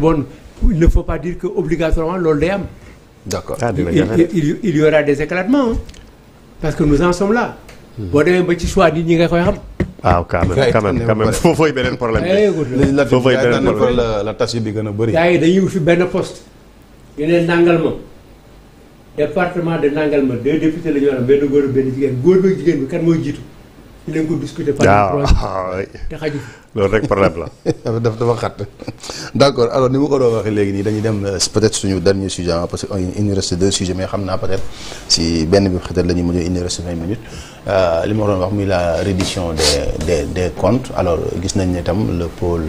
bon il ne faut pas dire que obligatoirement d'accord ah, il, y aura des éclatements hein, parce que nous en sommes là. Vous avez un petit choix ah quand même quand même quand même problème eh, problème a poste. département de Nangalma deux députés la ñu discuter. Ah, loolu rek problème la. daf dafa xat d' accord alors ni ma ko doon waxee léegi nii dañuy dem euh, peut-être suñu dernier sujet hein, parce que euh, il nous reste deux sujets mais xam naa peut-être si benn bi peut-être la ñuy mujj il nous reste vingt minutes euh, li ma doon wax muy la reddition des des des comptes alors gis nañ ne tam le pôle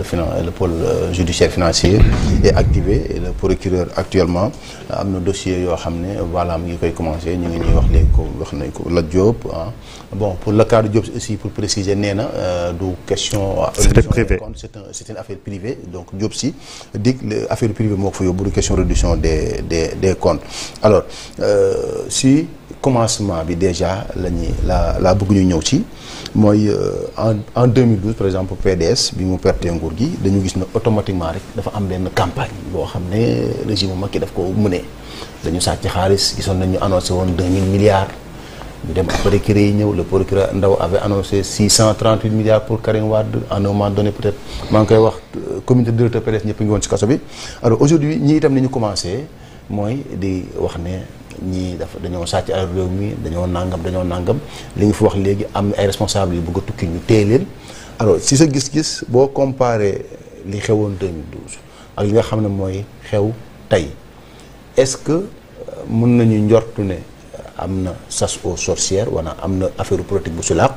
le pôle judiciaire financier est activé et le procureur actuellement am na dossier yoo xam ne voilà mi ngi koy commencé ñu ngi ñuy wax léegi ko wax nañ ko la Diop hein. bon pour le cas de Diop aussi pour préciser nee na du question privé c'est une affaire privée donc Diop dit l'affaire privée moo ko fa yóbbu question réduction des des des comptes alors euh, si commencement déjà la ñuy la la bëgg ñu ñëw ci euh, en en 2012 par exemple PDS bi mu perte nguur gi dañu gis ne automatiquement rek dafa am benn campagne nous avons le régime Macky daf ko nous dañu sàcc xaalis gisoon nañu annoncé 2 2000 milliards dem après créé yi le procureur Ndaw avait annoncé 638 milliards pour Karim Wade à un moment donné peut être maa ngi koy wax euh, comité de directeur PDS ñëpp ngi woon ci kaso bi alors aujourd'hui ñii itam ni ñu commencé mooy di wax né ñi dafa dañoo sàcc alal réew mi dañoo nangam dañoo nangam li ñu fi wax légui am ay responsables yu bëgg tukki ñu téye alors si sa gis-gis bo comparé li xewon 2012 ak li nga xam moy xew tay est-ce que euh, mën nañu njortu né amna na aux sorcières wana amna affaire politique bu sulaq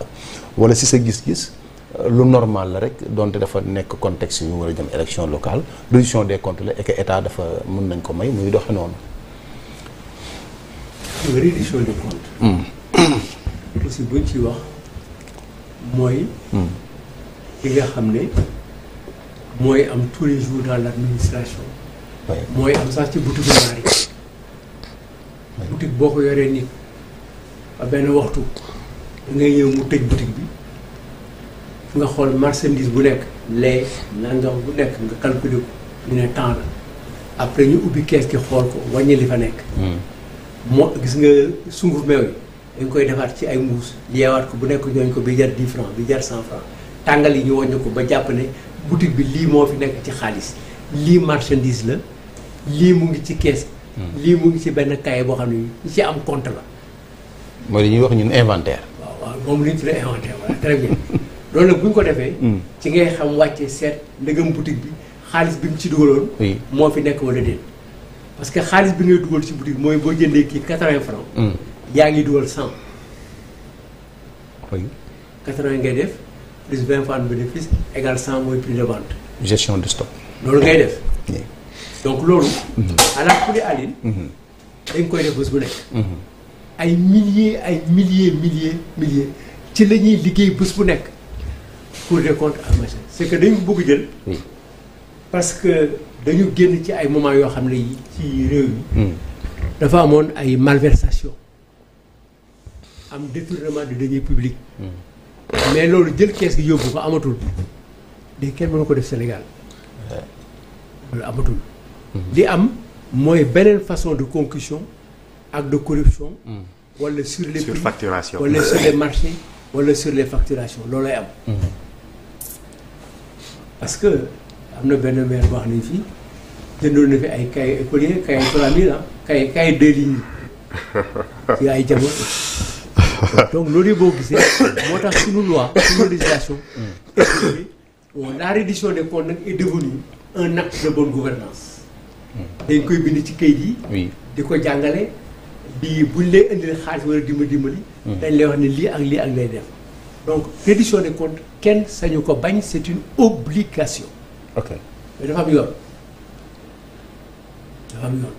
wala si sa gis-gis euh, lu normal la rek donte dafa nek contexte yu wara a jëm élection locale réduction des comptes la et que état dafa mën nañ ko may muy doxe noonu. réduction des comptes. aussi hmm. buñ ci wax mooy. ki hmm. nga xamné moy am tous les jours dans l'administration moy am sax ci butu gouvernement yi boutique boo ko yoree nit a benn waxtu dangay ñëw mu tëj boutique bi fu nga xool marchandise bu nekk lay nangam bu nekk nga calculer ko ñu ne temps la après ñu ubbi kees gi xool ko wàññi li fa nekk hmm. moo gis nga sunguf meew yi dañ koy defaat ci ay mbuus yeewaat ko bu nekk ñooñ ko bi jar 10 bi jar 100 francs tàngal yi ñu wàññi ko ba jàpp ne bi lii moo fi nekk ci xaalis lii marchandise la lii mu ngi ci kees lii mu ngi si benn cahier boo xam ne ñu si am compte la. mooy li ñuy wax ñun inventaire. waaw waaw moom li ñu tuddee inventaire voilà très ko defee. Hmm. ci ngay xam wàcce seet ndegam boutique bi xaalis bi ci dugaloon. moo fi nekk wala déet. parce que xaalis bi ngay dugal si boutique mooy boo kii quatre-vingts hmm. yaa ngi dugal cent. oui. quatre def plus vingt francs de bénéfice égale cent mooy prix de vente. loolu ngay def. donc la mhm. ala la mhm. koy def a bu mhm. milliers des milliers milliers milliers ci milliers, pour des compte à machin C'est que des milliers, jël. parce que dañu des ci des moments des milliers, des milliers, yi malversation am détournement de deniers publics mais milliers, des milliers, des des des Sénégal Di am moy benen façon de concussion ak de corruption. Mm. wala sur les prix facturation wala sur les marchés wala sur les facturations loolay am. Mm-hmm. parce que amna na benn maire wax nañ fii jëndoon na fi ay kay écolier cahier trois mille ah cahier cahier deux lignes ci ay jamono donc loolu yëpp boo gisee moo tax suñu loi suñu législation mm. on la reddition des comptes nag est devenue un acte de bonne gouvernance Hmm. dañ koy bind ci kayit yi. oui di ko jàngale. di buñ lay indil xaalis wala dimbali dimbali. Hmm. dañ lay wax ne lii ak lii ak lay def. donc reddition des comptes kenn sañu ko bañ c'est une obligation. ok mais dafa am yoon dafa am yoon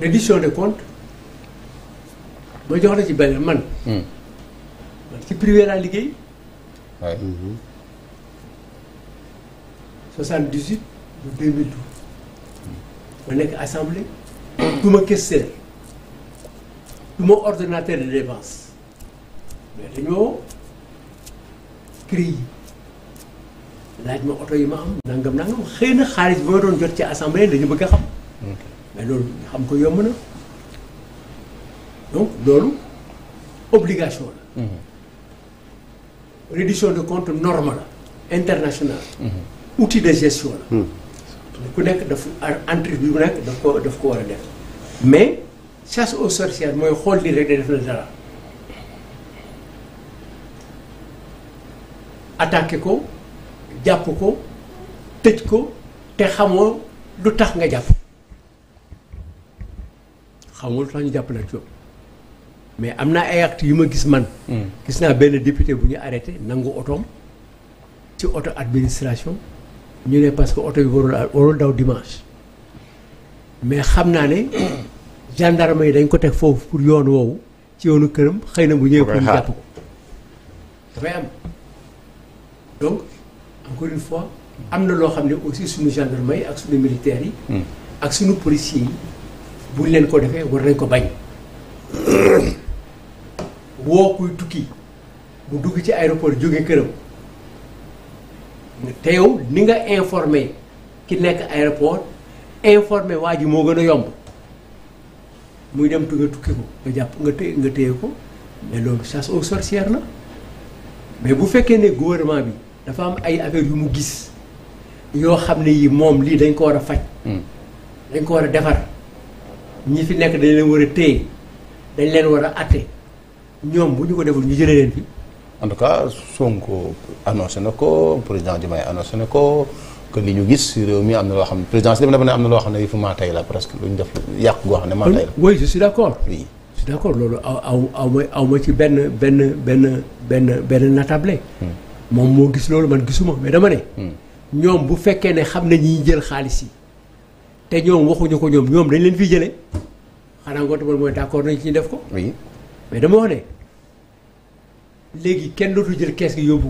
reddition des comptes ma jox la ci benn man. Hmm. man ci privé laa liggéey. waay. 78 ba 2012. On est assemblé, me ma je du ordonnateur de dépenses. mais nous, gens crient, ma dit que nangam nangam assemblée mais donc nous, obligation la mhm. de compte normal, international, internationale mhm. outil de gestion mhm. ku nekk daf entreprise bu nekk daf ko daf ko war a def mais chasse au sorcières mooy xool lii rek day def na dara attaqué ko jàpp ko tëj ko te xamoo lu tax nga jàpp xamoo lu tax ñu jàpp la coow mais am naa ay actes yu ma gis man hmm. gis naa benn député bu ñu arrêté nangu otoom ci auto administration ñu ne parce que oto bi warul warul daw dimanche mais xam naa ne gendarme yi dañ ko teg foofu pour yoon woowu ci yoonu këram xëy na bu ñëwee pour ñu jàpp ko dafay am donc encore une fois am na loo xam ne aussi suñu gendarme yi ak suñu militaires yi hmm. ak suñu policiers yi buñ leen ko defee war nañ ko bañ woo kuy tukki bu dugg ci aéroport jóge këram te yow ni nga informé ki nekk aéroport informé waa ji moo gën a yomb muy dem tu tukki ko nga jàpp nga téye nga téye ko mais loolu chasse aux mais bu fekkee ne gouvernement bi dafa am ay affaire yu mu gis yoo xam ne yi moom lii dañ ko war a faj. Hmm. dañ ko war a defar ñi fi nekk dañ leen war a téye dañ leen war a atte ñoom bu ñu ko deful ñu jëlee leen fi. en tout cas Sonko annoncé na ko président Diomaye annoncé na ko que li ñu gis si réew mi am na loo xam ne présidence dem na ne am na loo xam ne yëfu maa tey la presque lu ñu def yàq goo xam ne maa tey la. oui je suis d' accord. loolu aw aw ma aw ci benn benn benn benn benn natable. Hmm. moom moo gis loolu man gisuma mais dama ne. Hmm. ñoom bu fekkee ne xam nañ ñi jël xaalis yi te ñoom waxuñu ko ñoom ñoom dañu leen fii jëlee xanaa ngoon mooy d' accord nañ ci def ko. léegi kenn dootul jël kees gi yóbbu